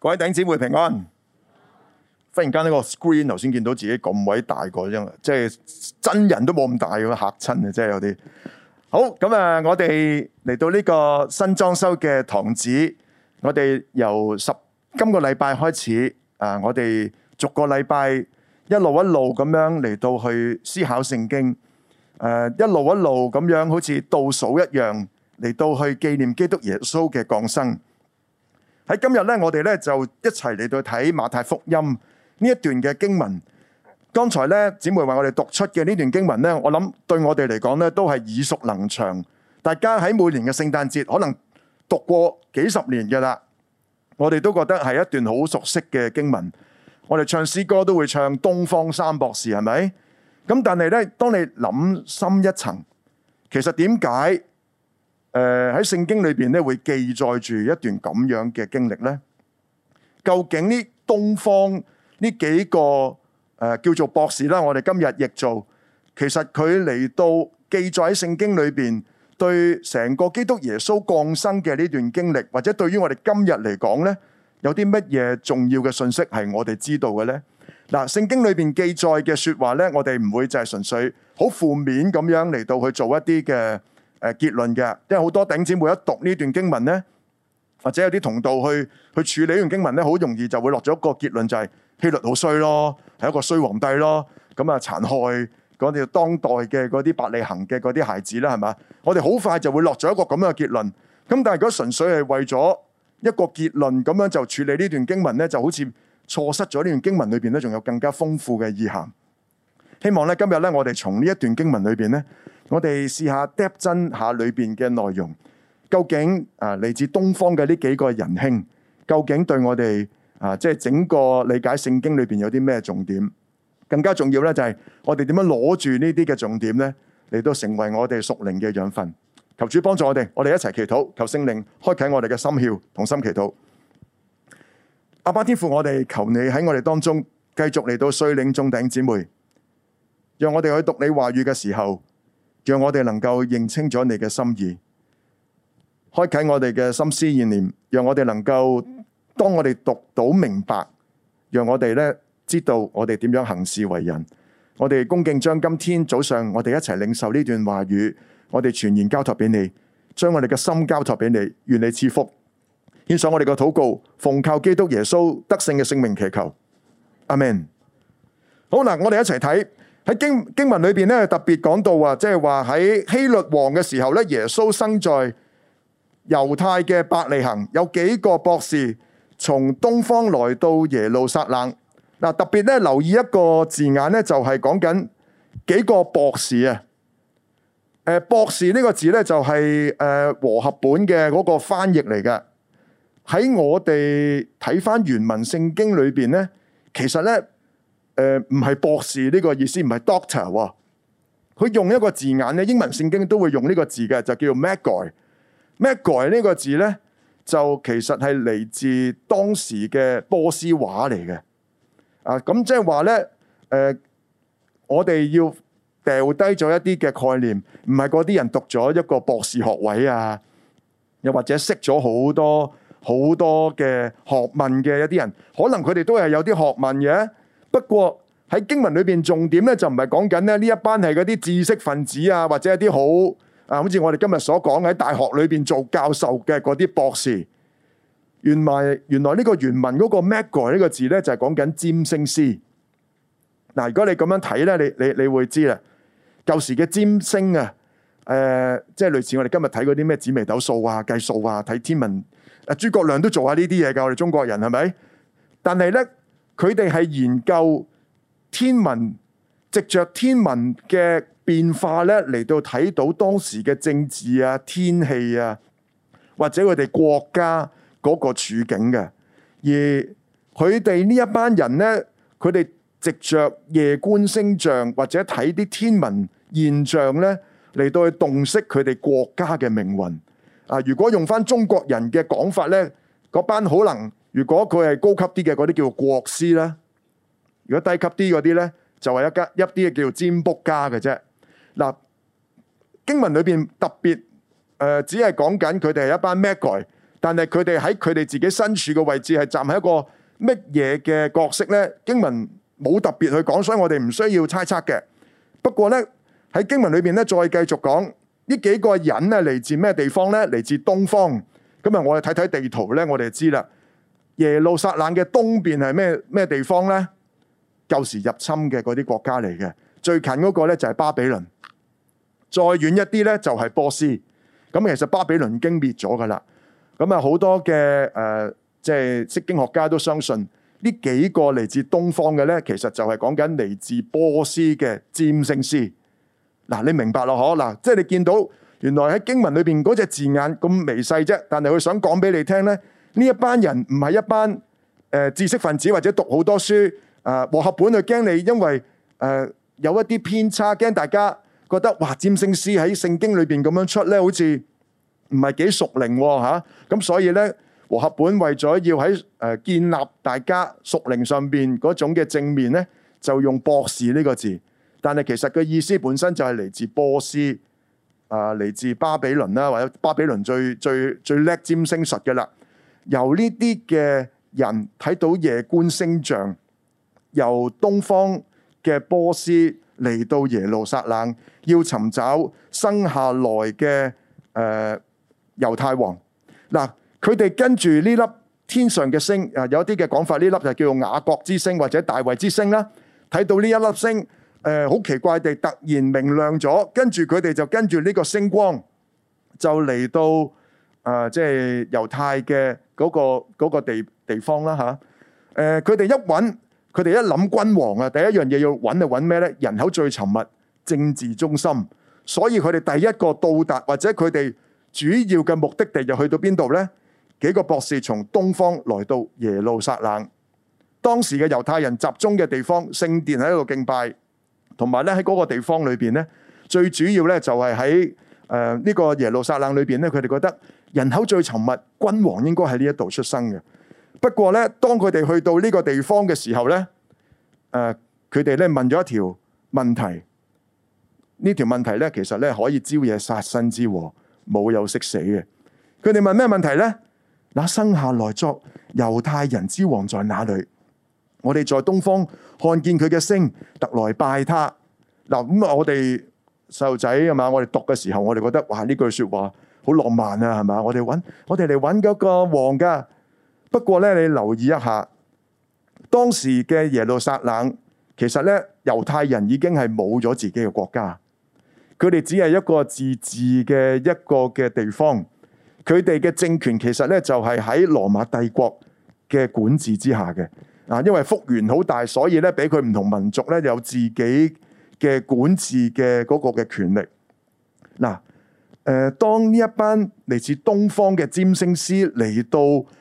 各位弟姊妹平安。忽然間呢個 screen 頭先見到自己咁鬼大個，真係即係真人都冇咁大，咁嚇親啊！真係有啲好咁啊！我哋嚟到呢個新裝修嘅堂子，我哋由十今個禮拜開始啊、呃，我哋逐個禮拜一路一路咁樣嚟到去思考聖經，誒、呃，一路一路咁樣好似倒數一樣嚟到去紀念基督耶穌嘅降生。喺今日咧，我哋咧就一齊嚟到睇馬太福音呢一段嘅經文。剛才咧，姊妹話我哋讀出嘅呢段經文咧，我諗對我哋嚟講咧，都係耳熟能詳。大家喺每年嘅聖誕節可能讀過幾十年嘅啦，我哋都覺得係一段好熟悉嘅經文。我哋唱詩歌都會唱《東方三博士》是是，係咪？咁但係咧，當你諗深一層，其實點解？誒，喺聖經裏邊呢，會記載住一段咁樣嘅經歷呢？究竟呢，東方呢幾個誒叫做博士啦，我哋今日譯做，其實佢嚟到記載喺聖經裏邊，對成個基督耶穌降生嘅呢段經歷，或者對於我哋今日嚟講呢，有啲乜嘢重要嘅信息係我哋知道嘅呢？嗱，聖經裏邊記載嘅說話呢，我哋唔會就係純粹好負面咁樣嚟到去做一啲嘅。誒，結論嘅，因為好多頂子每一讀呢段經文咧，或者有啲同道去去處理完經文處理呢段經文咧，好容易就會落咗一個結論，就係希律好衰咯，係一個衰皇帝咯，咁啊殘害嗰啲當代嘅嗰啲伯利恆嘅嗰啲孩子啦，係嘛？我哋好快就會落咗一個咁樣嘅結論。咁但係如果純粹係為咗一個結論咁樣就處理呢段經文咧，就好似錯失咗呢段經文裏邊咧，仲有更加豐富嘅意涵。希望咧今日咧，我哋從呢一段經文裏邊咧。我哋試下睇真下裏邊嘅內容，究竟啊嚟自東方嘅呢幾個仁兄，究竟對我哋啊、呃、即係整個理解聖經裏邊有啲咩重點？更加重要咧就係我哋點樣攞住呢啲嘅重點咧嚟到成為我哋屬靈嘅養分。求主幫助我哋，我哋一齊祈禱，求聖靈開啟我哋嘅心竅同心祈禱。阿爸天父我，我哋求你喺我哋當中繼續嚟到率領眾弟兄姊妹，讓我哋去讀你話語嘅時候，讓我哋能夠認清楚你嘅心意，開啟我哋嘅心思意念，讓我哋能夠當我哋讀到明白，讓我哋咧知道我哋點樣行事為人。我哋恭敬將今天早上我哋一齊領受呢段話語，我哋全然交託俾你，將我哋嘅心交託俾你，願你賜福。獻上我哋嘅禱告，奉靠基督耶穌得勝嘅聖名祈求，阿門。好嗱，我哋一齊睇。喺經經文裏邊咧，特別講到啊，即係話喺希律王嘅時候咧，耶穌生在猶太嘅伯利恆，有幾個博士從東方來到耶路撒冷。嗱，特別咧留意一個字眼咧，就係講緊幾個博士啊。誒，博士呢個字咧就係誒和合本嘅嗰個翻譯嚟嘅。喺我哋睇翻原文聖經裏邊咧，其實咧。誒，唔係、呃、博士呢個意思，唔係 doctor，哦。佢用一個字眼咧，英文聖經都會用呢個字嘅，就叫做 magi。magi 呢個字咧，就其實係嚟自當時嘅波斯話嚟嘅。啊，咁即係話咧，誒、呃，我哋要掉低咗一啲嘅概念，唔係嗰啲人讀咗一個博士學位啊，又或者識咗好多好多嘅學問嘅一啲人，可能佢哋都係有啲學問嘅。不過喺經文裏邊，重點咧就唔係講緊咧呢一班係嗰啲知識分子啊，或者有啲好啊，好似我哋今日所講喺大學裏邊做教授嘅嗰啲博士。原來原來呢個原文嗰個 magor 呢個字咧就係講緊占星師。嗱、啊，如果你咁樣睇咧，你你你會知啦。舊時嘅占星啊，誒、呃，即係類似我哋今日睇嗰啲咩紫微斗數啊、計數啊、睇天文。啊，諸葛亮都做下呢啲嘢噶，我哋中國人係咪？但係咧。佢哋係研究天文，藉着天文嘅變化呢嚟到睇到當時嘅政治啊、天氣啊，或者佢哋國家嗰個處境嘅。而佢哋呢一班人呢，佢哋藉着夜觀星象或者睇啲天文現象呢，嚟到去洞悉佢哋國家嘅命運。啊，如果用返中國人嘅講法呢，嗰班可能。如果佢係高級啲嘅嗰啲叫國師啦，如果低級啲嗰啲咧，就係一家一啲嘅叫占卜家嘅啫。嗱，經文裏邊特別誒、呃，只係講緊佢哋係一班咩鬼，但係佢哋喺佢哋自己身處嘅位置係站喺一個乜嘢嘅角色咧？經文冇特別去講，所以我哋唔需要猜測嘅。不過咧喺經文裏邊咧，再繼續講呢幾個人咧嚟自咩地方咧？嚟自東方。今日我哋睇睇地圖咧，我哋知啦。耶路撒冷嘅東邊係咩咩地方呢？舊時入侵嘅嗰啲國家嚟嘅，最近嗰個呢，就係巴比倫，再遠一啲呢，就係波斯。咁其實巴比倫經滅咗噶啦，咁啊好多嘅誒，即係釋經學家都相信呢幾個嚟自東方嘅呢，其實就係講緊嚟自波斯嘅占星師。嗱，你明白咯？嗬，嗱，即係你見到原來喺經文裏邊嗰隻字眼咁微細啫，但係佢想講俾你聽呢。呢一班人唔係一班知識分子或者讀好多書啊、呃。和合本就驚你，因為、呃、有一啲偏差，驚大家覺得哇，占星師喺聖經裏邊咁樣出呢，好似唔係幾熟靈嚇咁。所以呢，和合本為咗要喺、呃、建立大家熟靈上邊嗰種嘅正面呢，就用博士呢個字。但係其實個意思本身就係嚟自波斯啊，嚟、呃、自巴比倫啦，或者巴比倫最最最叻占星術嘅啦。由呢啲嘅人睇到夜觀星象，由東方嘅波斯嚟到耶路撒冷，要尋找生下來嘅誒、呃、猶太王。嗱，佢哋跟住呢粒天上嘅星，呃、有啲嘅講法呢粒就叫做雅各之星或者大衛之星啦。睇到呢一粒星，誒、呃、好奇怪地突然明亮咗，跟住佢哋就跟住呢個星光就嚟到。啊，即係猶太嘅嗰個嗰個地地方啦嚇。誒，佢哋一揾，佢哋一諗君王啊，第一樣嘢要揾就揾咩咧？人口最稠密、政治中心，所以佢哋第一個到達或者佢哋主要嘅目的地就去到邊度咧？幾個博士從東方來到耶路撒冷，當時嘅猶太人集中嘅地方，聖殿喺度敬拜，同埋咧喺嗰個地方裏邊咧，最主要咧就係喺誒呢個耶路撒冷裏邊咧，佢哋覺得。人口最稠密，君王應該喺呢一度出生嘅。不過呢，當佢哋去到呢個地方嘅時候呢，誒、呃，佢哋咧問咗一條問題。呢條問，問，問題呢，其實呢，可以招惹殺身之禍，冇有識死嘅。佢哋問咩問題呢？「嗱，生下來作猶太人之王在哪裡？我哋在東方看見佢嘅星，特來拜他。嗱咁啊，我哋細路仔啊嘛，我哋讀嘅時候，我哋覺得哇，呢句說話。好浪漫啊，係嘛？我哋揾我哋嚟揾嗰個王噶。不過呢，你留意一下，當時嘅耶路撒冷，其實呢，猶太人已經係冇咗自己嘅國家，佢哋只係一個自治嘅一個嘅地方。佢哋嘅政權其實呢，就係喺羅馬帝國嘅管治之下嘅。啊，因為幅員好大，所以呢，俾佢唔同民族呢，有自己嘅管治嘅嗰個嘅權力。嗱。誒，當呢一班嚟自東方嘅占星師嚟到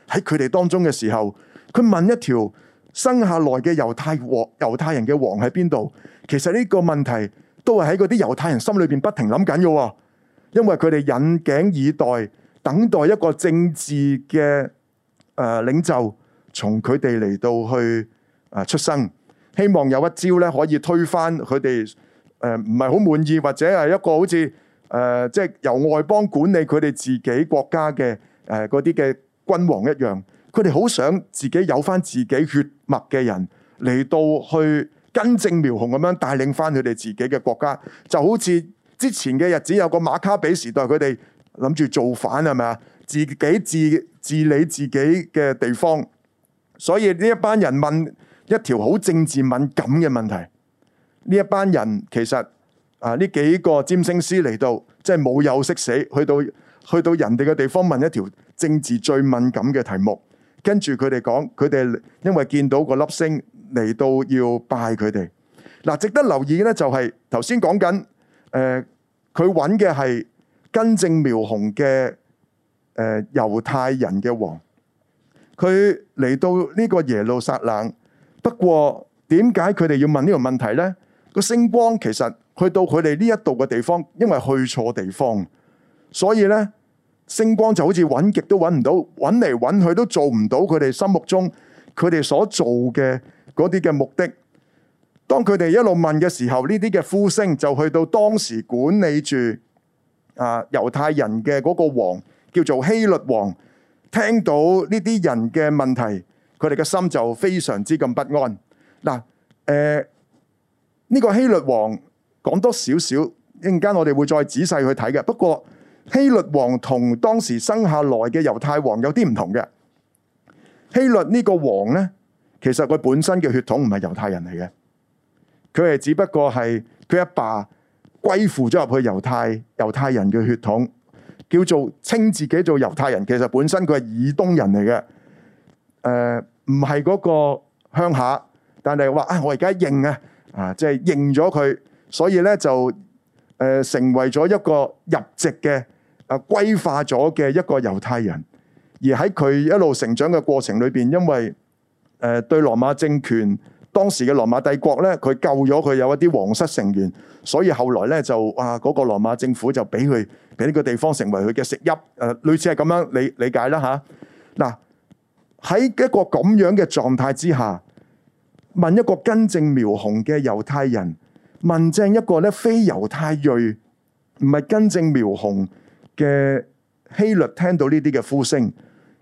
喺佢哋當中嘅時候，佢問一條生下來嘅猶太王、猶太人嘅王喺邊度？其實呢個問題都係喺嗰啲猶太人心裏邊不停諗緊嘅喎，因為佢哋引頸以待，等待一個政治嘅誒領袖從佢哋嚟到去出生，希望有一朝咧可以推翻佢哋唔係好滿意或者係一個好似。誒、呃，即係由外邦管理佢哋自己國家嘅誒嗰啲嘅君王一樣，佢哋好想自己有翻自己血脈嘅人嚟到去根正苗紅咁樣帶領翻佢哋自己嘅國家，就好似之前嘅日子有個馬卡比時代，佢哋諗住造反係咪啊？自己治，治理自己嘅地方，所以呢一班人問一條好政治敏感嘅問題，呢一班人其實。啊！呢幾個占星師嚟到，即係冇有，有識死，去到去到人哋嘅地方問一條政治最敏感嘅題目，跟住佢哋講，佢哋因為見到個粒星嚟到要拜佢哋。嗱、啊，值得留意咧、就是，就係頭先講緊，誒、呃，佢揾嘅係根正苗紅嘅誒、呃、猶太人嘅王，佢嚟到呢個耶路撒冷。不過點解佢哋要問呢個問題呢？個星光其實～去到佢哋呢一度嘅地方，因為去錯地方，所以咧星光就好似揾極都揾唔到，揾嚟揾去都做唔到佢哋心目中佢哋所做嘅嗰啲嘅目的。當佢哋一路問嘅時候，呢啲嘅呼聲就去到當時管理住啊猶太人嘅嗰個王，叫做希律王，聽到呢啲人嘅問題，佢哋嘅心就非常之咁不安。嗱，誒呢個希律王。講多少少，一陣間我哋會再仔細去睇嘅。不過希律王同當時生下來嘅猶太王有啲唔同嘅。希律呢個王呢，其實佢本身嘅血統唔係猶太人嚟嘅，佢係只不過係佢阿爸歸附咗入去猶太猶太人嘅血統，叫做稱自己做猶太人。其實本身佢係以東人嚟嘅，誒唔係嗰個鄉下，但係話啊，我而家認啊，啊即係、就是、認咗佢。所以咧就誒成為咗一個入籍嘅啊，規劃咗嘅一個猶太人。而喺佢一路成長嘅過程裏邊，因為誒對羅馬政權，當時嘅羅馬帝國咧，佢救咗佢有一啲皇室成員，所以後來咧就啊嗰、那個羅馬政府就俾佢俾呢個地方成為佢嘅食邑誒，類似係咁樣理理解啦嚇。嗱，喺一個咁樣嘅狀態之下，問一個根正苗紅嘅猶太人。文正一個咧非猶太裔，唔係根正苗紅嘅希律，聽到呢啲嘅呼聲，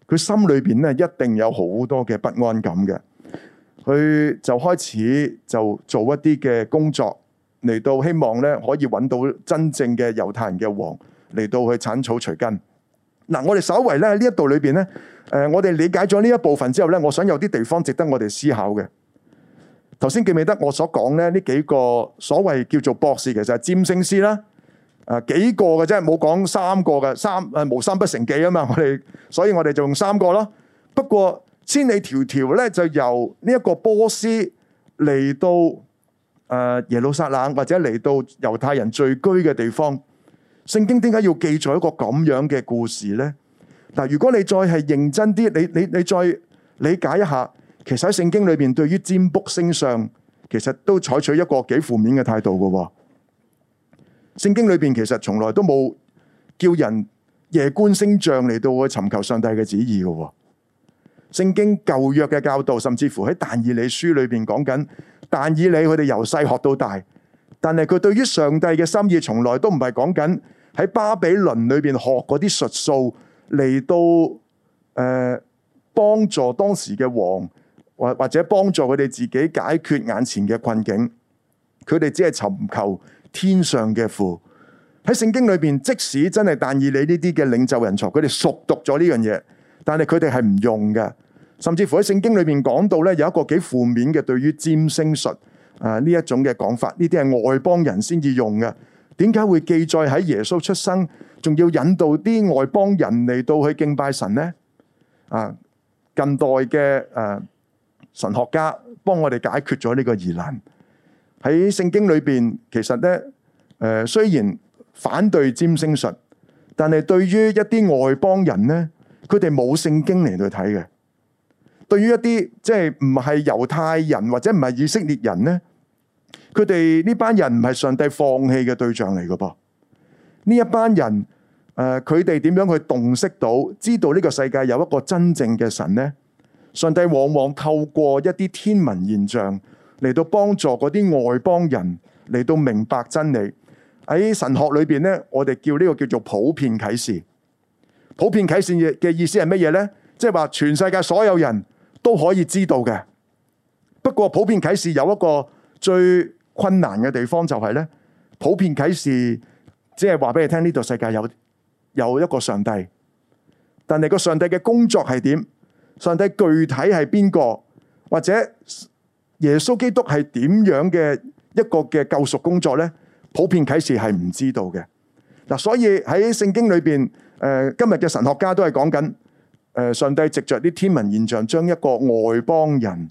佢心裏邊咧一定有好多嘅不安感嘅。佢就開始就做一啲嘅工作，嚟到希望咧可以揾到真正嘅猶太人嘅王，嚟到去鏟草除根。嗱，我哋稍為咧喺呢一度裏邊咧，誒、呃，我哋理解咗呢一部分之後咧，我想有啲地方值得我哋思考嘅。頭先記唔記得？我所講咧呢幾個所謂叫做博士，其實係占星師啦，啊幾個嘅啫，冇講三個嘅，三誒無三不成幾啊嘛。我哋所以我哋就用三個咯。不過千里迢迢咧，就由呢一個波斯嚟到誒耶路撒冷，或者嚟到猶太人聚居嘅地方，聖經點解要記載一個咁樣嘅故事呢？嗱，如果你再係認真啲，你你你再理解一下。其實喺聖經裏邊，對於占卜星相，其實都採取一個幾負面嘅態度嘅。聖經裏邊其實從來都冇叫人夜觀星象嚟到去尋求上帝嘅旨意嘅。聖經舊約嘅教導，甚至乎喺但以理書裏邊講緊，但以理佢哋由細學到大，但係佢對於上帝嘅心意，從來都唔係講緊喺巴比倫裏邊學嗰啲術數嚟到誒、呃、幫助當時嘅王。或或者幫助佢哋自己解決眼前嘅困境，佢哋只係尋求天上嘅父。喺聖經裏邊，即使真係但以理呢啲嘅領袖人才，佢哋熟讀咗呢樣嘢，但係佢哋係唔用嘅。甚至乎喺聖經裏邊講到咧，有一個幾負面嘅對於占星術啊，呢一種嘅講法，呢啲係外邦人先至用嘅。點解會記載喺耶穌出生，仲要引導啲外邦人嚟到去敬拜神呢？啊，近代嘅誒。神學家幫我哋解決咗呢個疑難，喺聖經裏邊，其實呢，誒、呃，雖然反對占星術，但係對於一啲外邦人呢，佢哋冇聖經嚟到睇嘅。對於一啲即係唔係猶太人或者唔係以色列人呢，佢哋呢班人唔係上帝放棄嘅對象嚟噶噃。呢一班人誒，佢哋點樣去洞悉到知道呢個世界有一個真正嘅神呢？上帝往往透過一啲天文現象嚟到幫助嗰啲外邦人嚟到明白真理。喺神學裏邊咧，我哋叫呢個叫做普遍啟示。普遍啟示嘅意思係乜嘢呢？即係話全世界所有人都可以知道嘅。不過普遍啟示有一個最困難嘅地方就係、是、呢：普遍啟示即係話俾你聽呢度世界有有一個上帝，但係個上帝嘅工作係點？上帝具體係邊個，或者耶穌基督係點樣嘅一個嘅救贖工作呢？普遍啟示係唔知道嘅。嗱，所以喺聖經裏邊，誒今日嘅神學家都係講緊，誒上帝藉著啲天文現象，將一個外邦人、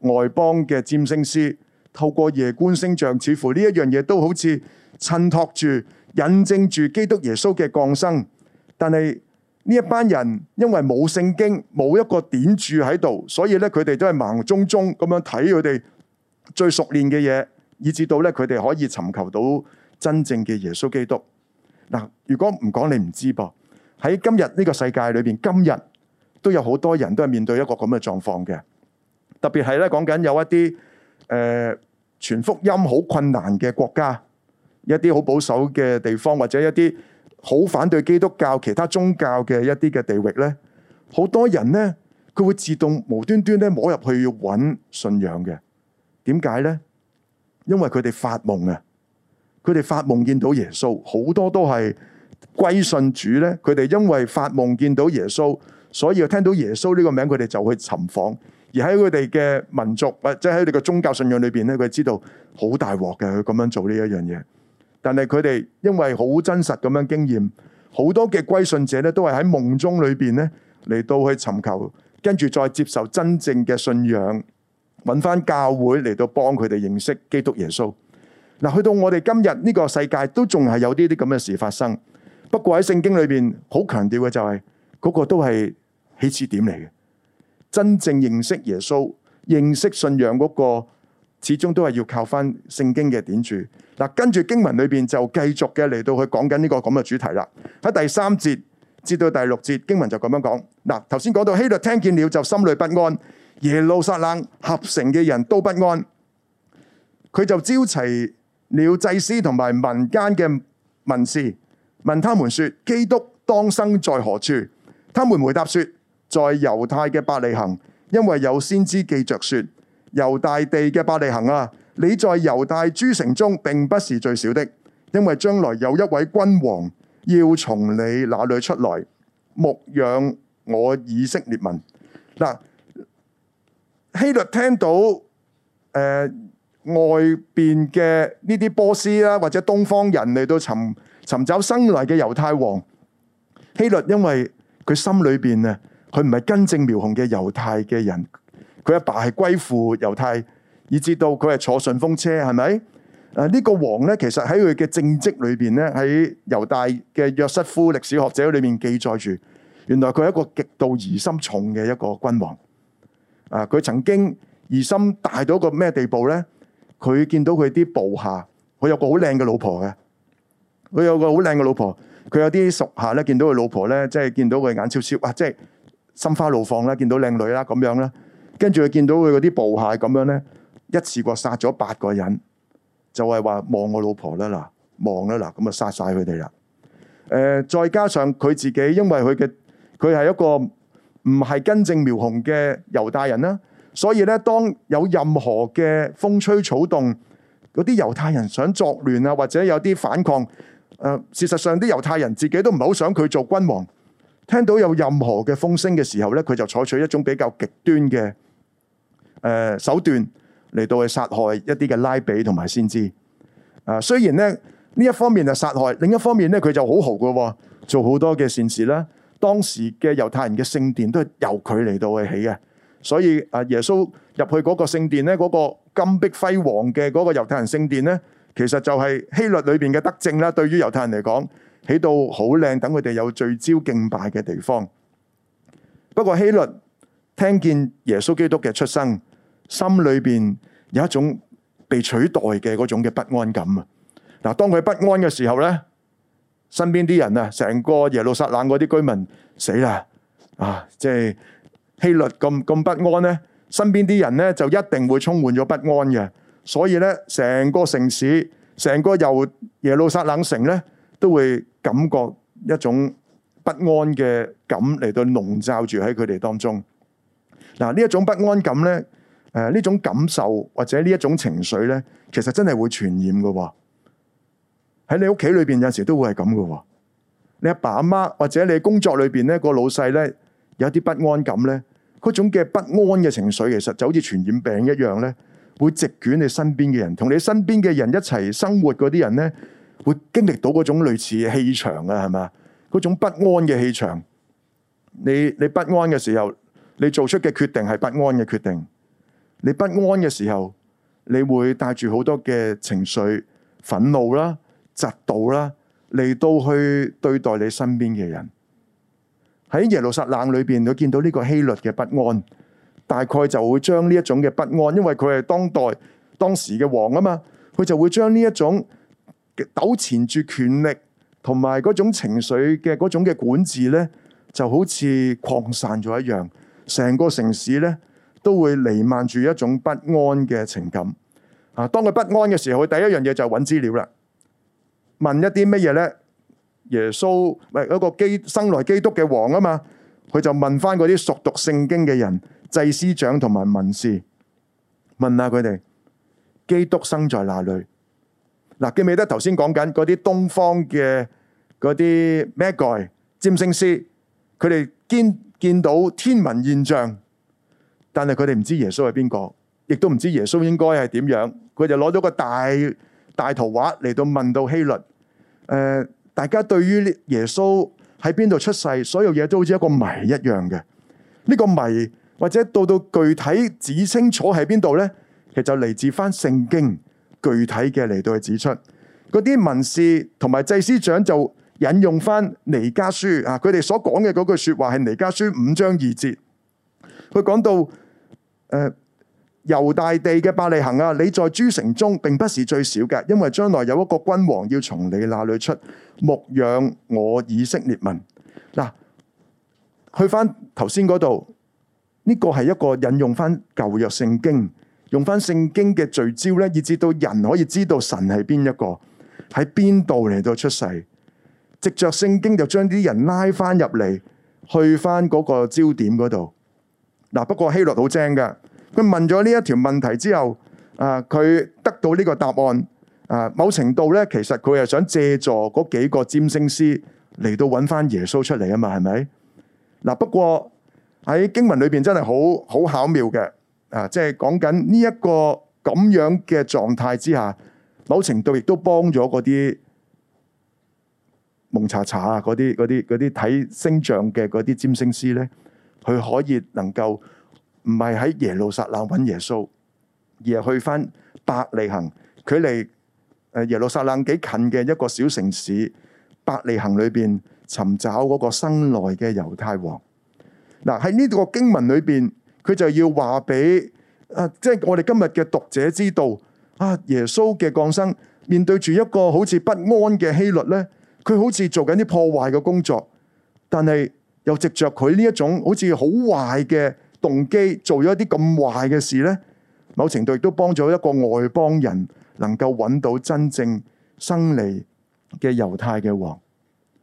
外邦嘅占星師，透過夜觀星象，似乎呢一樣嘢都好似襯托住、引證住基督耶穌嘅降生，但係。呢一班人因為冇聖經冇一個典注喺度，所以咧佢哋都係盲中中咁樣睇佢哋最熟練嘅嘢，以至到咧佢哋可以尋求到真正嘅耶穌基督。嗱，如果唔講你唔知噃，喺今日呢個世界裏邊，今日都有好多人都係面對一個咁嘅狀況嘅，特別係咧講緊有一啲誒傳福音好困難嘅國家，一啲好保守嘅地方或者一啲。好反對基督教其他宗教嘅一啲嘅地域咧，好多人咧佢會自動無端端咧摸入去要揾信仰嘅，點解咧？因為佢哋發夢啊，佢哋發夢見到耶穌，好多都係歸信主咧。佢哋因為發夢見到耶穌，所以聽到耶穌呢個名，佢哋就去尋訪。而喺佢哋嘅民族或者喺佢哋嘅宗教信仰裏邊咧，佢知道好大鑊嘅。佢咁樣做呢一樣嘢。但係佢哋因為好真實咁樣經驗，好多嘅歸信者咧都係喺夢中裏邊咧嚟到去尋求，跟住再接受真正嘅信仰，揾翻教會嚟到幫佢哋認識基督耶穌。嗱，去到我哋今日呢個世界都仲係有呢啲咁嘅事發生，不過喺聖經裏邊好強調嘅就係嗰個都係起始點嚟嘅，真正認識耶穌、認識信仰嗰個。始終都係要靠翻聖經嘅典著嗱，跟住經文裏邊就繼續嘅嚟到去講緊呢個咁嘅主題啦。喺第三節至到第六節經文就咁樣講嗱，頭先講到希律聽見了就心裏不安，耶路撒冷合成嘅人都不安，佢就召齊了祭司同埋民間嘅文士，問他們說：基督當生在何處？他們回答說：在猶太嘅伯利恆，因為有先知記着說。猶大地嘅伯利恒啊，你在猶大諸城中並不是最小的，因為將來有一位君王要從你那裏出來牧養我以色列民。嗱，希律聽到、呃、外邊嘅呢啲波斯啦，或者東方人嚟到尋尋找生嚟嘅猶太王，希律因為佢心裏邊呢，佢唔係根正苗紅嘅猶太嘅人。佢阿爸係歸附猶太，以至到佢係坐順風車，係咪？啊，呢、呢個王呢，其實喺佢嘅政績裏邊呢，喺猶大嘅約瑟夫歷史學者裏面記載住，原來佢係一個極度疑心重嘅一個君王。啊，佢曾經疑心大到一個咩地步呢？佢見到佢啲部下，佢有個好靚嘅老婆嘅，佢有個好靚嘅老婆，佢有啲屬下呢，見到佢老婆呢，即係見到佢眼超超，哇，即係心花怒放啦，見到靚女啦，咁樣啦。跟住佢見到佢嗰啲暴蟹咁樣呢，一次過殺咗八個人，就係話望我老婆啦嗱，望啦嗱，咁就殺晒佢哋啦。誒，再加上佢自己，因為佢嘅佢係一個唔係根正苗紅嘅猶太人啦，所以呢，當有任何嘅風吹草動，嗰啲猶太人想作亂啊，或者有啲反抗，誒，事實上啲猶太人自己都唔係好想佢做君王。聽到有任何嘅風聲嘅時候呢，佢就採取一種比較極端嘅。誒，手段嚟到去殺害一啲嘅拉比同埋先知。啊，雖然咧呢一方面係殺害，另一方面呢，佢就好豪噶、哦，做好多嘅善事啦。當時嘅猶太人嘅聖殿都係由佢嚟到去起嘅，所以啊，耶穌入去嗰個聖殿呢，嗰、嗰個金碧輝煌嘅嗰個猶太人聖殿呢，其實就係希律裏邊嘅德政啦。對於猶太人嚟講，起到好靚，等佢哋有聚焦敬拜嘅地方。不過希律聽見耶穌基督嘅出生。心裏邊有一種被取代嘅嗰種嘅不安感啊！嗱，當佢不安嘅時候咧，身邊啲人啊，成個耶路撒冷嗰啲居民死啦啊！即係希律咁咁不安咧，身邊啲人咧就一定會充滿咗不安嘅，所以咧，成個城市、成個由耶路撒冷城咧，都會感覺一種不安嘅感嚟到籠罩住喺佢哋當中。嗱，呢一種不安感咧。誒，呢種感受或者呢一種情緒呢，其實真係會傳染噶喎。喺你屋企裏邊有陣時都會係咁噶喎。你阿爸阿媽或者你工作裏邊呢個老細呢，有啲不安感呢。嗰種嘅不安嘅情緒，其實就好似傳染病一樣呢，會席捲你身邊嘅人，同你身邊嘅人一齊生活嗰啲人呢，會經歷到嗰種類似嘅氣場啊，係咪？嗰種不安嘅氣場，你你不安嘅時候，你做出嘅決定係不安嘅決定。你不安嘅時候，你會帶住好多嘅情緒、憤怒啦、嫉妒啦，嚟到去對待你身邊嘅人。喺耶路撒冷裏邊，你見到呢個希律嘅不安，大概就會將呢一種嘅不安，因為佢係當代當時嘅王啊嘛，佢就會將呢一種糾纏住權力同埋嗰種情緒嘅嗰種嘅管治呢，就好似擴散咗一樣，成個城市呢。都會彌漫住一種不安嘅情感。啊，當佢不安嘅時候，佢第一樣嘢就係揾資料啦。問一啲乜嘢咧？耶穌唔係一個基生來基督嘅王啊嘛，佢就問翻嗰啲熟讀聖經嘅人、祭司長同埋文士，問下佢哋基督生在哪裏。嗱，記唔記得頭先講緊嗰啲東方嘅嗰啲咩鬼占星師？佢哋見見到天文現象。但係佢哋唔知耶穌係邊個，亦都唔知耶穌應該係點樣。佢就攞咗個大大圖畫嚟到問到希律。誒、呃，大家對於耶穌喺邊度出世，所有嘢都好似一個謎一樣嘅。呢、這個謎或者到到具體指清楚喺邊度呢？其實就嚟自翻聖經具體嘅嚟到去指出。嗰啲文士同埋祭司長就引用翻彌迦書啊，佢哋所講嘅嗰句說話係彌迦書五章二節。佢講到誒猶、呃、大地嘅伯利恆啊，你在諸城中並不是最小嘅，因為將來有一個君王要從你那裏出牧養我以色列民。嗱，去翻頭先嗰度，呢個係一個引用翻舊約聖經，用翻聖經嘅聚焦咧，以至到人可以知道神係邊一個喺邊度嚟到出世。藉着聖經就將啲人拉翻入嚟，去翻嗰個焦點嗰度。嗱，不過希律好精嘅，佢問咗呢一條問題之後，啊，佢得到呢個答案，啊，某程度咧，其實佢係想借助嗰幾個占星師嚟到搵返耶穌出嚟啊嘛，係咪？嗱、啊，不過喺經文裏邊真係好好巧妙嘅，啊，即係講緊呢一個咁樣嘅狀態之下，某程度亦都幫咗嗰啲蒙查查啊，嗰啲啲啲睇星象嘅嗰啲占星師咧。佢可以能夠唔係喺耶路撒冷搵耶穌，而係去翻伯利恆。距離耶路撒冷幾近嘅一個小城市伯利恆裏邊尋找嗰個生來嘅猶太王。嗱，喺呢個經文裏邊，佢就要話俾誒，即係我哋今日嘅讀者知道，啊，耶穌嘅降生面對住一個好似不安嘅希律呢，佢好似做緊啲破壞嘅工作，但係。又藉著佢呢一種好似好壞嘅動機，做咗一啲咁壞嘅事咧，某程度亦都幫咗一個外邦人能夠揾到真正生利嘅猶太嘅王。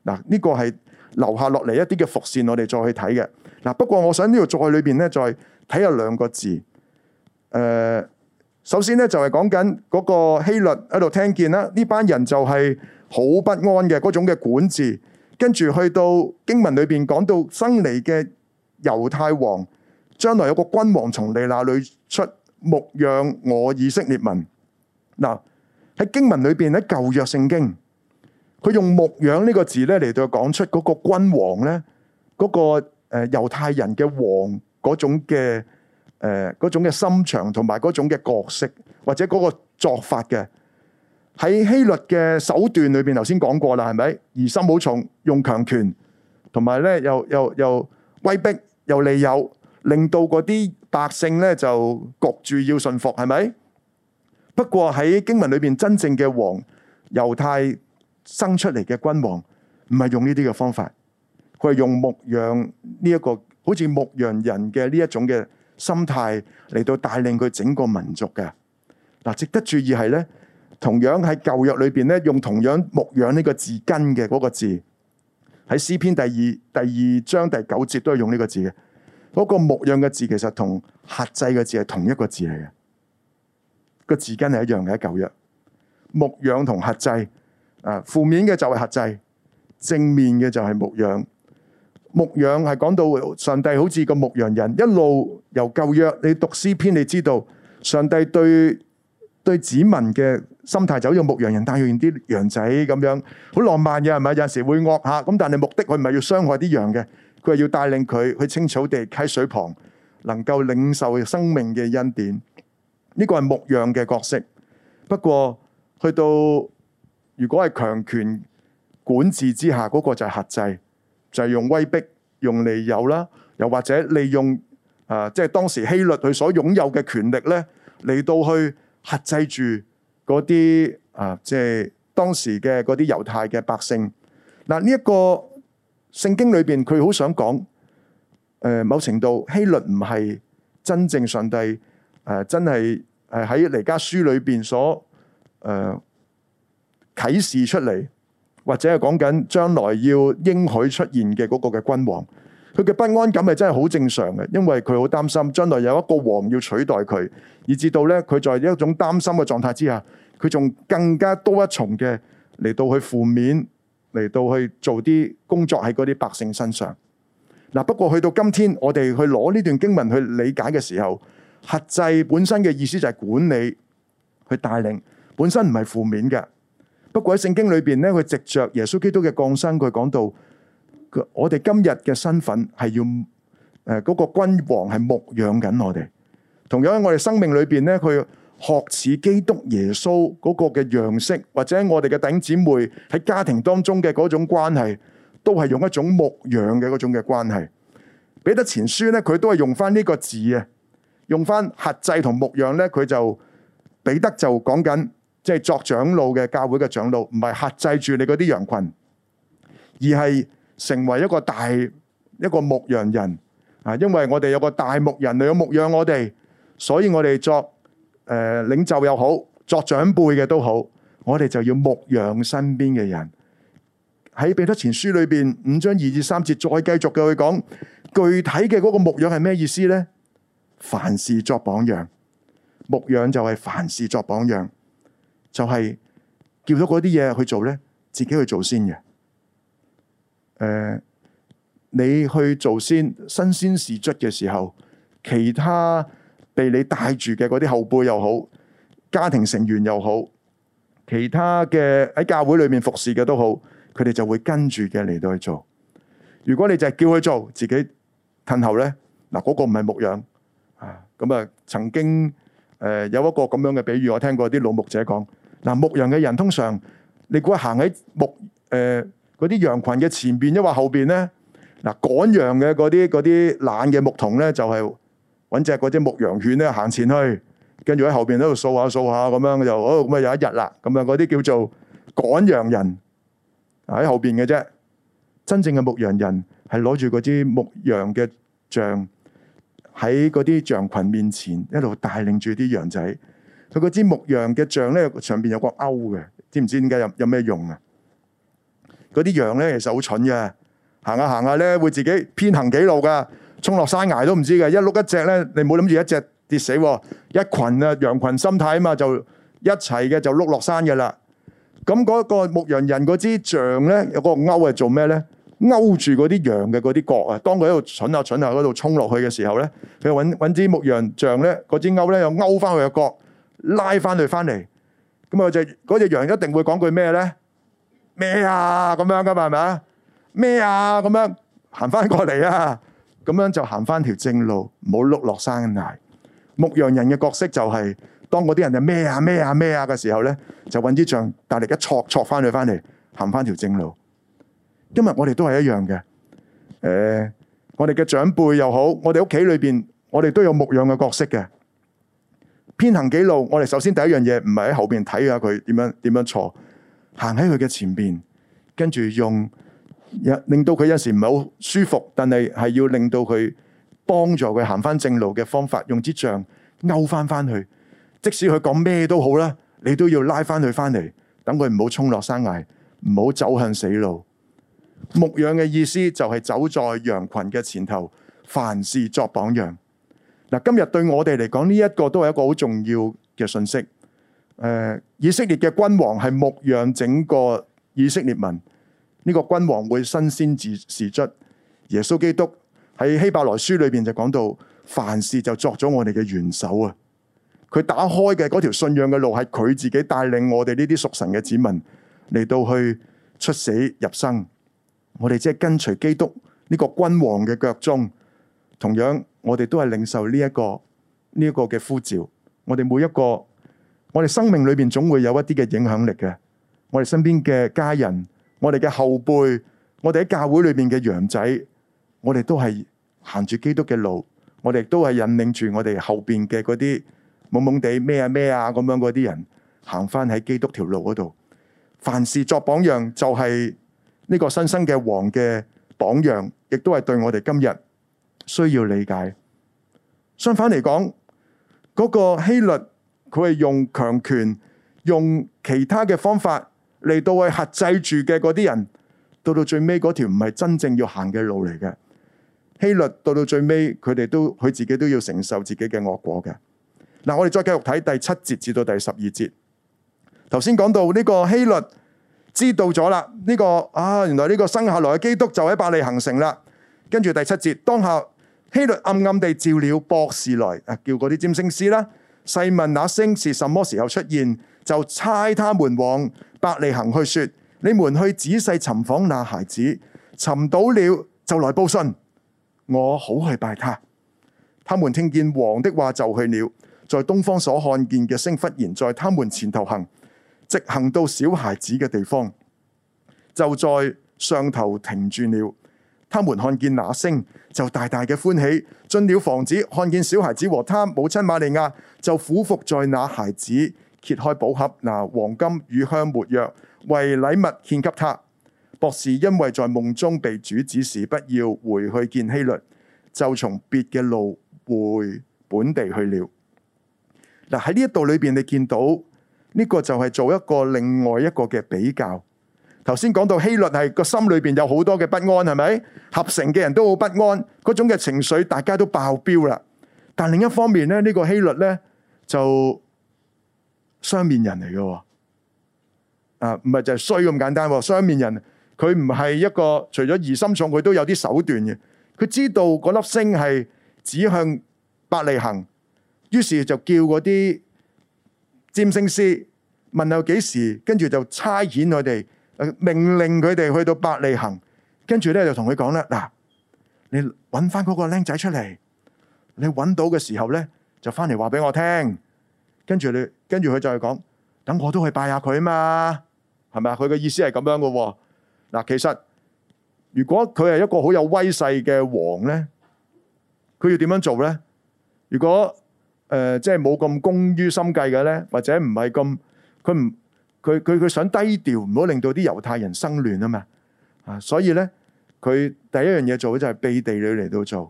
嗱，呢個係留下落嚟一啲嘅伏線，我哋再去睇嘅。嗱，不過我想呢度再裏邊咧，再睇下兩個字。誒，首先咧就係講緊嗰個希律喺度聽見啦，呢班人就係好不安嘅嗰種嘅管治。跟住去到經文裏邊講到生嚟嘅猶太王，將來有個君王從你那裏出，牧養我以色列民。嗱，喺經文裏邊喺舊約聖經，佢用牧養呢、這個字咧嚟到講出嗰個君王咧，嗰、那個誒猶太人嘅王嗰種嘅誒、呃、種嘅心腸同埋嗰種嘅角色或者嗰個作法嘅。喺希律嘅手段裏邊，頭先講過啦，係咪？疑心好重，用強權，同埋咧又又又威逼，又利誘，令到嗰啲百姓咧就焗住要信服，係咪？不過喺經文裏邊，真正嘅王，猶太生出嚟嘅君王，唔係用呢啲嘅方法，佢係用牧羊呢一個，好似牧羊人嘅呢一種嘅心態嚟到帶領佢整個民族嘅。嗱，值得注意係咧。同樣喺舊約裏邊咧，用同樣牧養呢個字根嘅嗰個字，喺詩篇第二第二章第九節都係用呢個字嘅。嗰個牧養嘅字其實同轄制嘅字係同一個字嚟嘅，嗰個字根係一樣嘅。喺舊約牧養同轄制，啊，負面嘅就係轄制，正面嘅就係牧養。牧養係講到上帝好似個牧羊人，一路由舊約。你讀詩篇，你知道上帝對對子民嘅。心態就好似牧羊人帶完啲羊仔咁樣，好浪漫嘅係咪？有陣時會惡下，咁但係目的佢唔係要傷害啲羊嘅，佢係要帶領佢去青草地、溪水旁，能夠領受生命嘅恩典。呢個係牧羊嘅角色。不過去到如果係強權管治之下，嗰、那個就係克制，就係、是、用威逼、用利誘啦，又或者利用啊，即、呃、係、就是、當時希律佢所擁有嘅權力呢，嚟到去克制住。嗰啲啊，即係當時嘅嗰啲猶太嘅百姓。嗱，呢一個聖經裏邊，佢好想講誒、呃、某程度希律唔係真正上帝，誒、啊、真係誒喺彌迦書裏邊所誒、啊、啟示出嚟，或者係講緊將來要應許出現嘅嗰個嘅君王。佢嘅不安感係真係好正常嘅，因為佢好擔心將來有一個王要取代佢，以至到呢，佢在一種擔心嘅狀態之下，佢仲更加多一重嘅嚟到去負面，嚟到去做啲工作喺嗰啲百姓身上。嗱，不過去到今天，我哋去攞呢段經文去理解嘅時候，轄制本身嘅意思就係管理，去帶領，本身唔係負面嘅。不過喺聖經裏邊呢，佢藉着耶穌基督嘅降生，佢講到。我哋今日嘅身份係要誒嗰、呃嗰個君王係牧養緊我哋，同樣喺我哋生命裏邊咧，佢學似基督耶穌嗰個嘅樣式，或者我哋嘅弟兄姊妹喺家庭當中嘅嗰種關係，都係用一種牧養嘅嗰種嘅關係。彼得前書咧，佢都係用翻呢個字啊，用翻轄制同牧養咧，佢就彼得就講緊，即、就、係、是、作長老嘅教會嘅長老，唔係轄制住你嗰啲羊群，而係。成為一個大一個牧羊人啊，因為我哋有個大牧人嚟，要牧養我哋，所以我哋作誒、呃、領袖又好，作長輩嘅都好，我哋就要牧養身邊嘅人。喺彼得前書裏邊五章二至三節再繼續嘅去講具體嘅嗰個牧養係咩意思呢？凡事作榜樣，牧養就係凡事作榜樣，就係、是、叫到嗰啲嘢去做呢，自己去做先嘅。誒，你去做先，身先士卒嘅時候，其他被你帶住嘅嗰啲後輩又好，家庭成員又好，其他嘅喺教會裏面服侍嘅都好，佢哋就會跟住嘅嚟到去做。如果你就係叫佢做自己褪後呢，嗱，嗰個唔係牧羊啊。咁啊，曾經誒有一個咁樣嘅比喻，我聽過啲老牧者講。嗱，牧羊嘅人通常，你估行喺牧誒？嗰啲羊群嘅前邊，抑或後邊咧，嗱，趕羊嘅嗰啲啲懶嘅牧童咧，就係揾隻嗰啲牧羊犬咧行前去，跟住喺後邊喺度掃下掃下咁樣就，哦咁啊有一日啦，咁啊嗰啲叫做趕羊人喺後邊嘅啫。真正嘅牧羊人係攞住嗰支牧羊嘅杖，喺嗰啲羊群面前一路帶領住啲羊仔。佢嗰支牧羊嘅杖咧，上邊有個勾嘅，知唔知點解有有咩用啊？嗰啲羊咧，其實好蠢嘅，行下行下咧，會自己偏行幾路噶，衝落山崖都唔知嘅。一碌一隻咧，你冇諗住一隻跌死，一羣啊羊羣心態啊嘛，就一齊嘅就碌落山嘅啦。咁嗰個牧羊人嗰支杖咧，有個勾係做咩咧？勾住嗰啲羊嘅嗰啲角啊，當佢喺度蠢下蠢下嗰度衝落去嘅時候咧，佢揾揾支牧羊杖咧，嗰支勾咧又勾翻佢嘅角，拉翻佢翻嚟。咁啊，只嗰隻羊一定會講句咩咧？咩啊，咁樣噶嘛，係咪啊？咩啊，咁樣行翻過嚟啊，咁樣就行翻條正路，唔好碌落山崖。牧羊人嘅角色就係、是、當嗰啲人啊咩啊咩啊咩啊嘅時候咧，就揾支杖大力一挫挫翻去翻嚟，行翻條正路。今日我哋都係一樣嘅，誒、呃，我哋嘅長輩又好，我哋屋企裏邊，我哋都有牧羊嘅角色嘅。偏行己路，我哋首先第一樣嘢唔係喺後邊睇下佢點樣點樣錯。行喺佢嘅前邊，跟住用令到佢有時唔係好舒服，但係係要令到佢幫助佢行翻正路嘅方法，用支杖勾翻翻去。即使佢講咩都好啦，你都要拉翻佢翻嚟，等佢唔好衝落山崖，唔好走向死路。牧養嘅意思就係走在羊群嘅前頭，凡事作榜樣。嗱，今日對我哋嚟講，呢一個都係一個好重要嘅信息。誒、呃，以色列嘅君王係牧養整個以色列民。呢、這個君王會身先士卒。耶穌基督喺希伯來書裏邊就講到，凡事就作咗我哋嘅元首。」啊。佢打開嘅嗰條信仰嘅路係佢自己帶領我哋呢啲屬神嘅子民嚟到去出死入生。我哋即係跟隨基督呢個君王嘅腳蹤，同樣我哋都係領受呢、這、一個呢一、這個嘅呼召。我哋每一個。我哋生命裏面總會有一啲嘅影響力嘅，我哋身邊嘅家人，我哋嘅後輩，我哋喺教會裏面嘅羊仔，我哋都係行住基督嘅路，我哋都係引領住我哋後邊嘅嗰啲懵懵地咩啊咩啊咁樣嗰啲人行翻喺基督條路嗰度。凡事作榜樣，就係呢個新生嘅王嘅榜樣，亦都係對我哋今日需要理解。相反嚟講，嗰個希律。佢係用強權，用其他嘅方法嚟到去壓制住嘅嗰啲人，到到最尾嗰條唔係真正要行嘅路嚟嘅。希律到到最尾，佢哋都佢自己都要承受自己嘅惡果嘅。嗱，我哋再繼續睇第七節至到第十二節。頭先講到呢個希律知道咗啦，呢、呢個啊原來呢個生下來嘅基督就喺伯利恆城啦。跟住第七節，當下希律暗暗地召了博士來，啊叫嗰啲占星師啦。細問那星是什麼時候出現，就差他們往伯利恒去說：你們去仔細尋訪那孩子，尋到了就來報信，我好去拜他。他們聽見王的話就去了，在東方所看見嘅星忽然在他們前頭行，直行到小孩子嘅地方，就在上頭停住了。他們看見那星，就大大嘅歡喜。進了房子，看見小孩子和他母親瑪利亞，就俯伏在那孩子，揭開寶盒，拿黃金與香沒藥為禮物獻給他。博士因為在夢中被主指示，不要回去見希律，就從別嘅路回本地去了。嗱，喺呢一度裏邊，你見到呢個就係做一個另外一個嘅比較。頭先講到希律係個心裏邊有好多嘅不安，係咪？合成嘅人都好不安，嗰種嘅情緒大家都爆表啦。但另一方面咧，呢個希律咧就雙面人嚟嘅，啊，唔係就係衰咁簡單。雙面人佢唔係一個，除咗疑心重，佢都有啲手段嘅。佢知道嗰粒星係指向伯利恆，於是就叫嗰啲占星師問下幾時，跟住就差遣佢哋。命令佢哋去到伯利恆，跟住咧就同佢講啦：嗱，你揾翻嗰個僆仔出嚟，你揾到嘅時候咧就翻嚟話俾我聽。跟住你，跟住佢就係講：等我都去拜下佢嘛，係咪啊？佢嘅意思係咁樣嘅喎。嗱，其實如果佢係一個好有威勢嘅王咧，佢要點樣做咧？如果誒即係冇咁工於心計嘅咧，或者唔係咁，佢唔。佢佢佢想低調，唔好令到啲猶太人生亂啊嘛！啊，所以咧，佢第一樣嘢做就係背地裏嚟到做；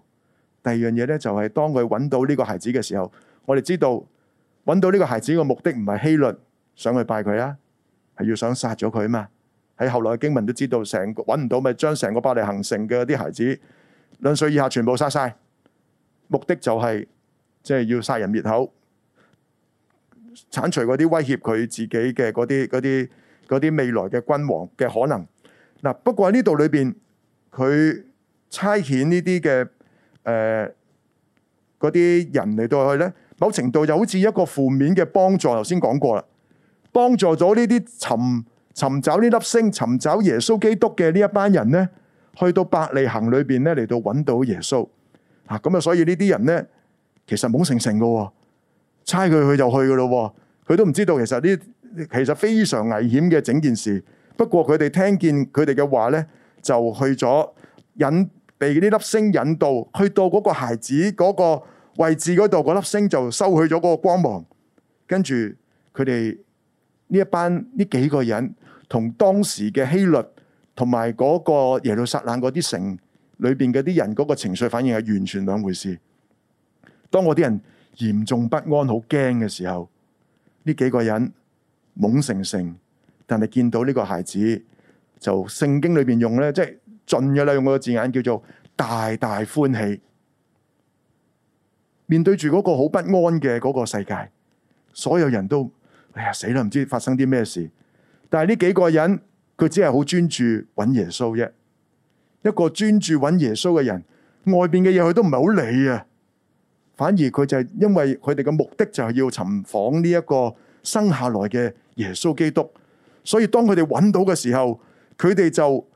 第二樣嘢咧就係當佢揾到呢個孩子嘅時候，我哋知道揾到呢個孩子嘅目的唔係希律想去拜佢啊，係要想殺咗佢嘛？喺後來嘅經文都知道，成個揾唔到咪將成個伯利恒城嘅啲孩子兩歲以下全部殺曬，目的就係即係要殺人滅口。鏟除嗰啲威脅佢自己嘅嗰啲嗰啲嗰啲未來嘅君王嘅可能。嗱，不過喺呢度裏邊，佢差遣呢啲嘅誒嗰啲人嚟到去咧，某程度又好似一個負面嘅幫助。頭先講過啦，幫助咗呢啲尋尋找呢粒星，尋找耶穌基督嘅呢一班人咧，去到伯利恒裏邊咧嚟到搵到耶穌。啊，咁啊，所以呢啲人咧，其實懵盛盛噶。猜佢去就去噶咯，佢都唔知道其實呢，其實非常危險嘅整件事。不過佢哋聽見佢哋嘅話呢，就去咗引，被呢粒星引導，去到嗰個孩子嗰個位置嗰度，嗰粒星就收去咗嗰個光芒。跟住佢哋呢一班呢幾個人，同當時嘅希律，同埋嗰個耶路撒冷嗰啲城裏邊嗰啲人嗰個情緒反應係完全兩回事。當嗰啲人。嚴重不安、好驚嘅時候，呢幾個人懵成成，但係見到呢個孩子，就聖經裏邊用咧，即係盡咗啦，用個字眼叫做大大歡喜。面對住嗰個好不安嘅嗰個世界，所有人都哎呀死啦，唔知發生啲咩事。但係呢幾個人，佢只係好專注揾耶穌啫。一個專注揾耶穌嘅人，外邊嘅嘢佢都唔係好理啊。反而佢就係因為佢哋嘅目的就係要尋訪呢一個生下來嘅耶穌基督，所以當佢哋揾到嘅時候，佢哋就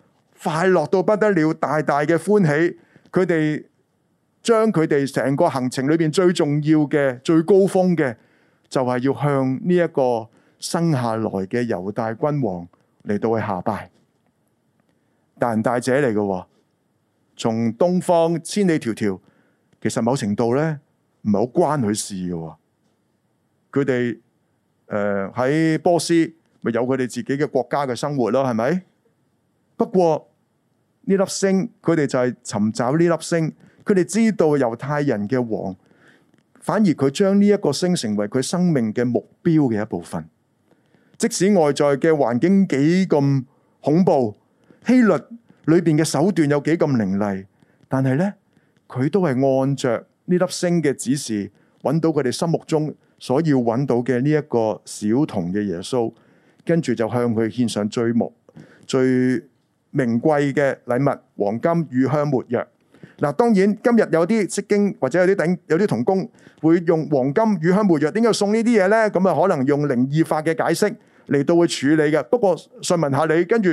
快樂到不得了，大大嘅歡喜。佢哋將佢哋成個行程裏邊最重要嘅、最高峰嘅，就係要向呢一個生下來嘅猶大君王嚟到去下拜。大人大姐嚟嘅，從東方千里迢迢，其實某程度呢。唔係好關佢事嘅，佢哋誒喺波斯咪有佢哋自己嘅國家嘅生活咯，係咪？不過呢粒星，佢哋就係尋找呢粒星，佢哋知道猶太人嘅王，反而佢將呢一個星成為佢生命嘅目標嘅一部分。即使外在嘅環境幾咁恐怖，希律裏邊嘅手段有幾咁凌厲，但係呢，佢都係按着。呢粒星嘅指示，揾到佢哋心目中所要揾到嘅呢一個小童嘅耶穌，跟住就向佢獻上最冇最名貴嘅禮物——黃金、乳香、沒藥。嗱，當然今日有啲釋經或者有啲頂有啲童工會用黃金、乳香、沒藥，點解要送呢啲嘢咧？咁啊，可能用靈意法嘅解釋嚟到去處理嘅。不過詢問下你，跟住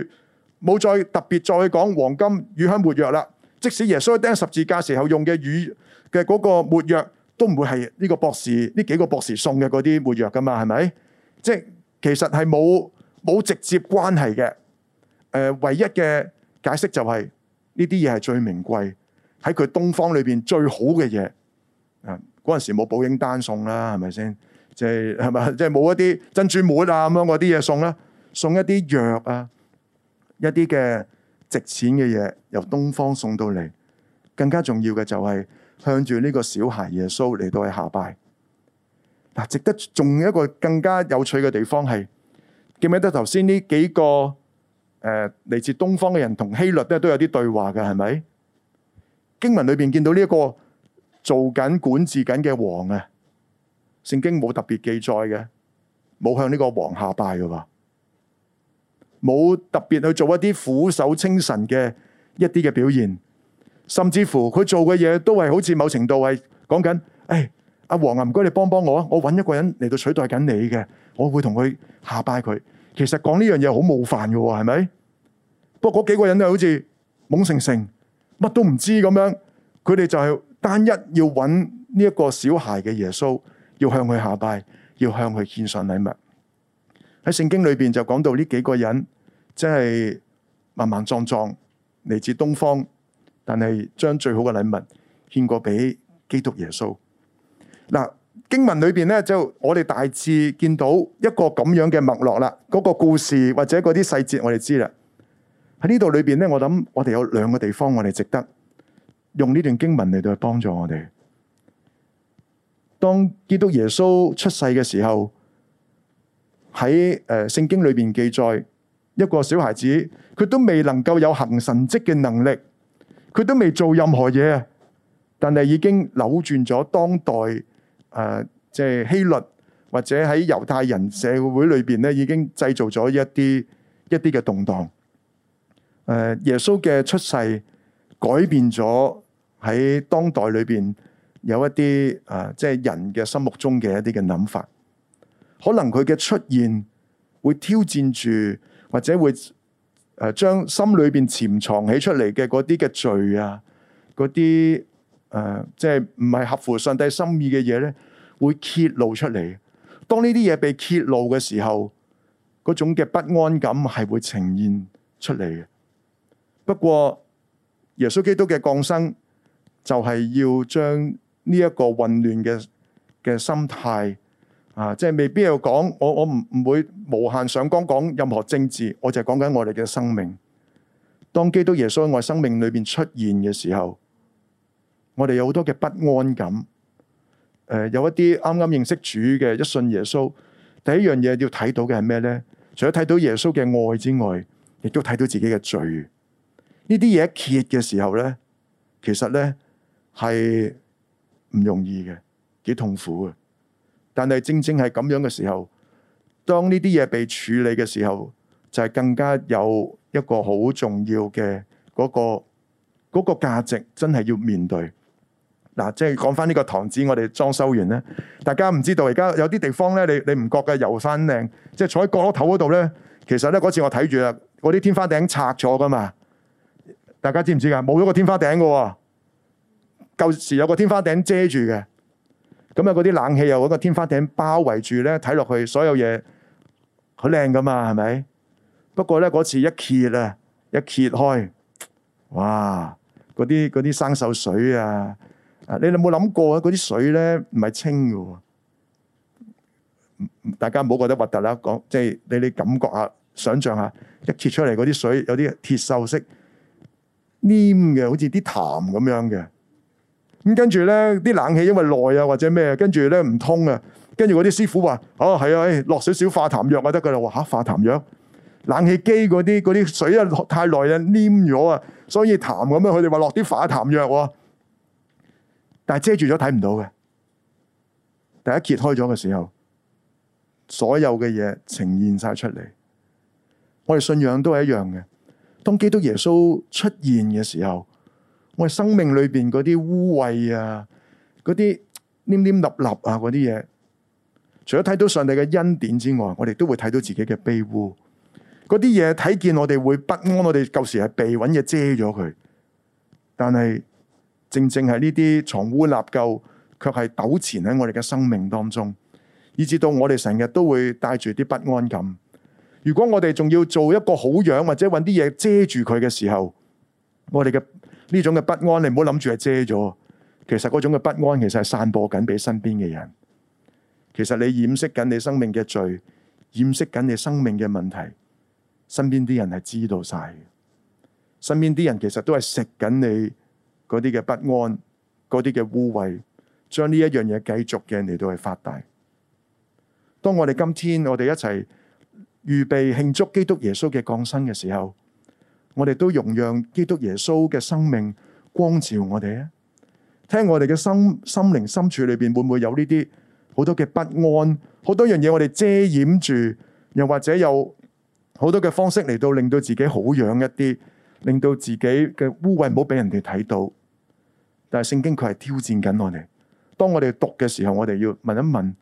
冇再特別再講黃金、乳香、沒藥啦。即使耶穌釘十字架時候用嘅乳嘅嗰個沒藥都唔會係呢個博士，呢幾個博士送嘅嗰啲沒藥噶嘛，係咪？即係其實係冇冇直接關係嘅。誒，唯一嘅解釋就係呢啲嘢係最名貴，喺佢東方裏邊最好嘅嘢。啊，嗰陣時冇保嬰丹送啦，係咪先？即係係咪？即係冇一啲珍珠母啊咁樣嗰啲嘢送啦，送一啲藥啊，一啲嘅值錢嘅嘢由東方送到嚟。更加重要嘅就係，向住呢個小孩耶穌嚟到去下拜。嗱，值得仲有一個更加有趣嘅地方係，記唔記得頭先呢幾個誒呃、嚟自東方嘅人同希律咧都有啲對話嘅，係咪？經文裏邊見到呢一個做緊管治緊嘅王啊，聖經冇特別記載嘅，冇向呢個王下拜嘅吧，冇特別去做一啲俯首稱臣嘅一啲嘅表現。甚至乎佢做嘅嘢都係好似某程度係講緊，誒、哎，阿王啊，唔該你幫幫我啊，我揾一個人嚟到取代緊你嘅，我會同佢下拜佢。其實講呢樣嘢好冒犯嘅，係咪？不過嗰幾個人就好似懵盛盛，乜都唔知咁樣，佢哋就係單一要揾呢一個小孩嘅耶穌，要向佢下拜，要向佢獻上禮物。喺聖經裏邊就講到呢幾個人即係莽莽撞撞嚟自東方。但係將最好嘅禮物獻過俾基督耶穌嗱，經文裏邊咧就我哋大致見到一個咁樣嘅脈絡啦。嗰個故事或者嗰啲細節我哋知啦。喺呢度裏邊咧，我諗我哋有兩個地方我哋值得用呢段經文嚟到去幫助我哋。當基督耶穌出世嘅時候，喺誒、呃、聖經裏邊記載一個小孩子，佢都未能夠有行神蹟嘅能力。佢都未做任何嘢，但係已經扭轉咗當代誒，即係希律或者喺猶太人社會裏邊咧，已經製造咗一啲一啲嘅動盪。誒，耶穌嘅出世改變咗喺當代裏邊有一啲誒，即係人嘅心目中嘅一啲嘅諗法，可能佢嘅出現會挑戰住或者會。誒將、啊、心裏邊潛藏起出嚟嘅嗰啲嘅罪啊，嗰啲誒即係唔係合乎上帝心意嘅嘢咧，會揭露出嚟。當呢啲嘢被揭露嘅時候，嗰種嘅不安感係會呈現出嚟嘅。不過耶穌基督嘅降生就係要將呢一個混亂嘅嘅心態。啊！即係未必要講我，我唔唔會無限上綱講任何政治，我就係講緊我哋嘅生命。當基督耶穌喺我生命裏邊出現嘅時候，我哋有好多嘅不安感。誒、呃，有一啲啱啱認識主嘅一信耶穌，第一樣嘢要睇到嘅係咩呢？除咗睇到耶穌嘅愛之外，亦都睇到自己嘅罪。呢啲嘢揭嘅時候呢，其實呢係唔容易嘅，幾痛苦嘅。但係正正係咁樣嘅時候，當呢啲嘢被處理嘅時候，就係、是、更加有一個好重要嘅嗰、那個嗰、那個價值，真係要面對。嗱、啊，即係講翻呢個堂子，我哋裝修完呢，大家唔知道而家有啲地方呢，你你唔覺嘅油山嶺，即係坐喺角落頭嗰度呢。其實呢，嗰次我睇住啦，嗰啲天花頂拆咗噶嘛，大家知唔知噶？冇咗個天花頂噶喎、哦，舊時有個天花頂遮住嘅。咁啊，嗰啲冷氣又嗰個天花頂包圍住咧，睇落去所有嘢好靚噶嘛，係咪？不過咧，嗰次一揭啊，一揭開，哇！嗰啲啲生鏽水啊，你有冇諗過啊？嗰啲水咧唔係清嘅喎，大家唔好覺得核突啦，講即係你你感覺下、想像下，一揭出嚟嗰啲水有啲鐵鏽色，黏嘅，好似啲痰咁樣嘅。咁跟住咧，啲冷氣因為耐啊或者咩，跟住咧唔通啊，跟住嗰啲師傅話：哦，係啊，落少少化痰藥啊得噶啦。話嚇化痰藥，冷氣機嗰啲啲水落太耐啊黏咗啊，所以痰咁樣啊，佢哋話落啲化痰藥喎。但係遮住咗睇唔到嘅，第一揭開咗嘅時候，所有嘅嘢呈現晒出嚟。我哋信仰都係一樣嘅。當基督耶穌出現嘅時候。我生命裏邊嗰啲污穢啊，嗰啲黏黏立立啊，嗰啲嘢，除咗睇到上帝嘅恩典之外，我哋都會睇到自己嘅卑污。嗰啲嘢睇見我哋會不安，我哋舊時係避揾嘢遮咗佢，但係正正係呢啲藏污納垢，卻係糾纏喺我哋嘅生命當中，以至到我哋成日都會帶住啲不安感。如果我哋仲要做一個好樣，或者揾啲嘢遮住佢嘅時候，我哋嘅。呢種嘅不安，你唔好諗住係遮咗。其實嗰種嘅不安，其實係散播緊俾身邊嘅人。其實你掩飾緊你生命嘅罪，掩飾緊你生命嘅問題，身邊啲人係知道晒，身邊啲人其實都係食緊你嗰啲嘅不安，嗰啲嘅污穢，將呢一樣嘢繼續嘅嚟到去發大。當我哋今天，我哋一齊預備慶祝基督耶穌嘅降生嘅時候。我哋都容讓基督耶穌嘅生命光照我哋啊！聽我哋嘅心心靈深處裏邊會唔會有呢啲好多嘅不安，好多樣嘢我哋遮掩住，又或者有好多嘅方式嚟到令到自己好養一啲，令到自己嘅污穢唔好俾人哋睇到。但係聖經佢係挑戰緊我哋，當我哋讀嘅時候，我哋要問一問，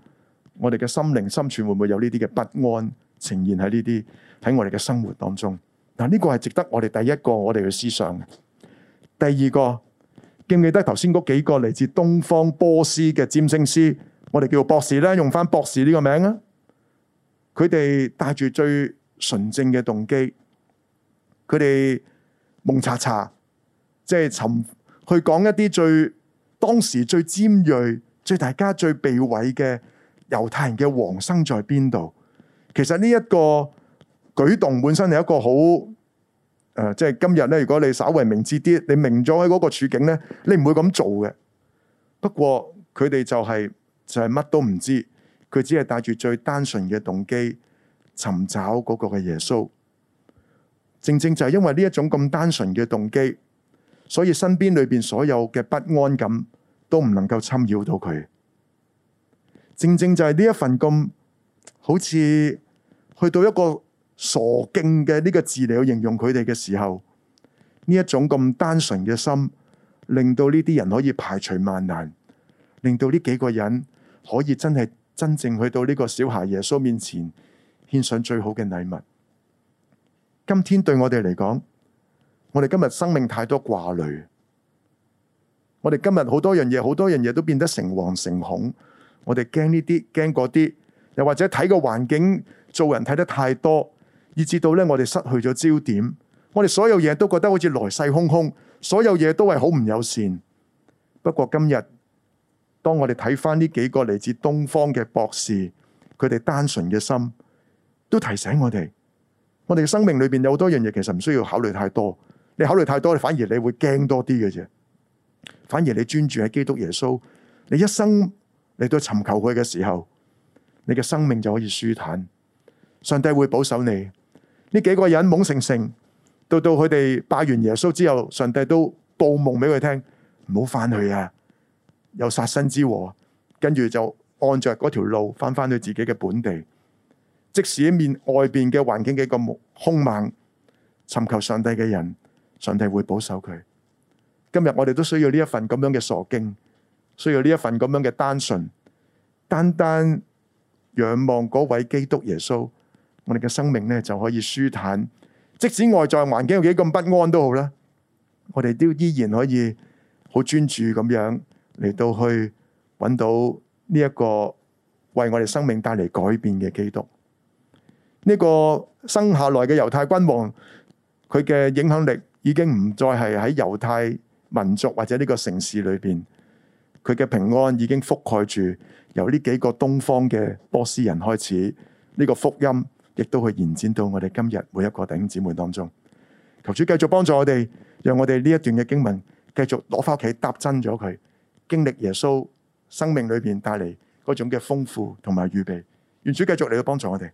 我哋嘅心靈深處會唔會有呢啲嘅不安呈現喺呢啲喺我哋嘅生活當中？嗱，呢個係值得我哋第一個我哋嘅思想。第二個，記唔記得頭先嗰幾個嚟自東方波斯嘅占星師，我哋叫博士啦，用返博士呢個名啊。佢哋帶住最純正嘅動機，佢哋蒙查查，即係尋去講一啲最當時最尖銳、最大家最卑微嘅猶太人嘅王生在邊度。其實呢、這、一個。舉動本身係一個好、呃、即係今日咧，如果你稍微明智啲，你明咗喺嗰個處境呢，你唔會咁做嘅。不過佢哋就係、是、就係、是、乜都唔知，佢只係帶住最單純嘅動機尋找嗰個嘅耶穌。正正就係因為呢一種咁單純嘅動機，所以身邊裏邊所有嘅不安感都唔能夠侵擾到佢。正正就係呢一份咁好似去到一個。傻勁嘅呢個字嚟，去形容佢哋嘅時候，呢一種咁單純嘅心，令到呢啲人可以排除萬難，令到呢幾個人可以真係真正去到呢個小孩耶穌面前，獻上最好嘅禮物。今天對我哋嚟講，我哋今日生命太多掛慮，我哋今日好多樣嘢，好多樣嘢都變得誠惶誠恐。我哋驚呢啲驚嗰啲，又或者睇個環境，做人睇得太多。以至到咧，我哋失去咗焦點，我哋所有嘢都覺得好似來勢洶洶，所有嘢都係好唔友善。不過今日，當我哋睇翻呢幾個嚟自東方嘅博士，佢哋單純嘅心，都提醒我哋，我哋嘅生命裏邊有好多樣嘢，其實唔需要考慮太多。你考慮太多，你反而你會驚多啲嘅啫。反而你專注喺基督耶穌，你一生你都尋求佢嘅時候，你嘅生命就可以舒坦。上帝會保守你。呢幾個人懵成成，到到佢哋拜完耶穌之後，上帝都報夢俾佢聽，唔好翻去啊，有殺身之禍。跟住就按着嗰條路翻翻去自己嘅本地。即使面外邊嘅環境幾咁兇猛，尋求上帝嘅人，上帝會保守佢。今日我哋都需要呢一份咁樣嘅傻經，需要呢一份咁樣嘅單純，單單仰望嗰位基督耶穌。我哋嘅生命咧就可以舒坦，即使外在環境有幾咁不安都好啦，我哋都依然可以好專注咁樣嚟到去揾到呢一個為我哋生命帶嚟改變嘅基督。呢個生下來嘅猶太君王，佢嘅影響力已經唔再係喺猶太民族或者呢個城市裏邊，佢嘅平安已經覆蓋住由呢幾個東方嘅波斯人開始呢個福音，亦都去延展到我哋今日每一個弟兄姊妹當中，求主繼續幫助我哋，讓我哋呢一段嘅經文繼續攞翻屋企搭真咗佢，經歷耶穌生命裏邊帶嚟嗰種嘅豐富同埋預備，願主繼續嚟到幫助我哋。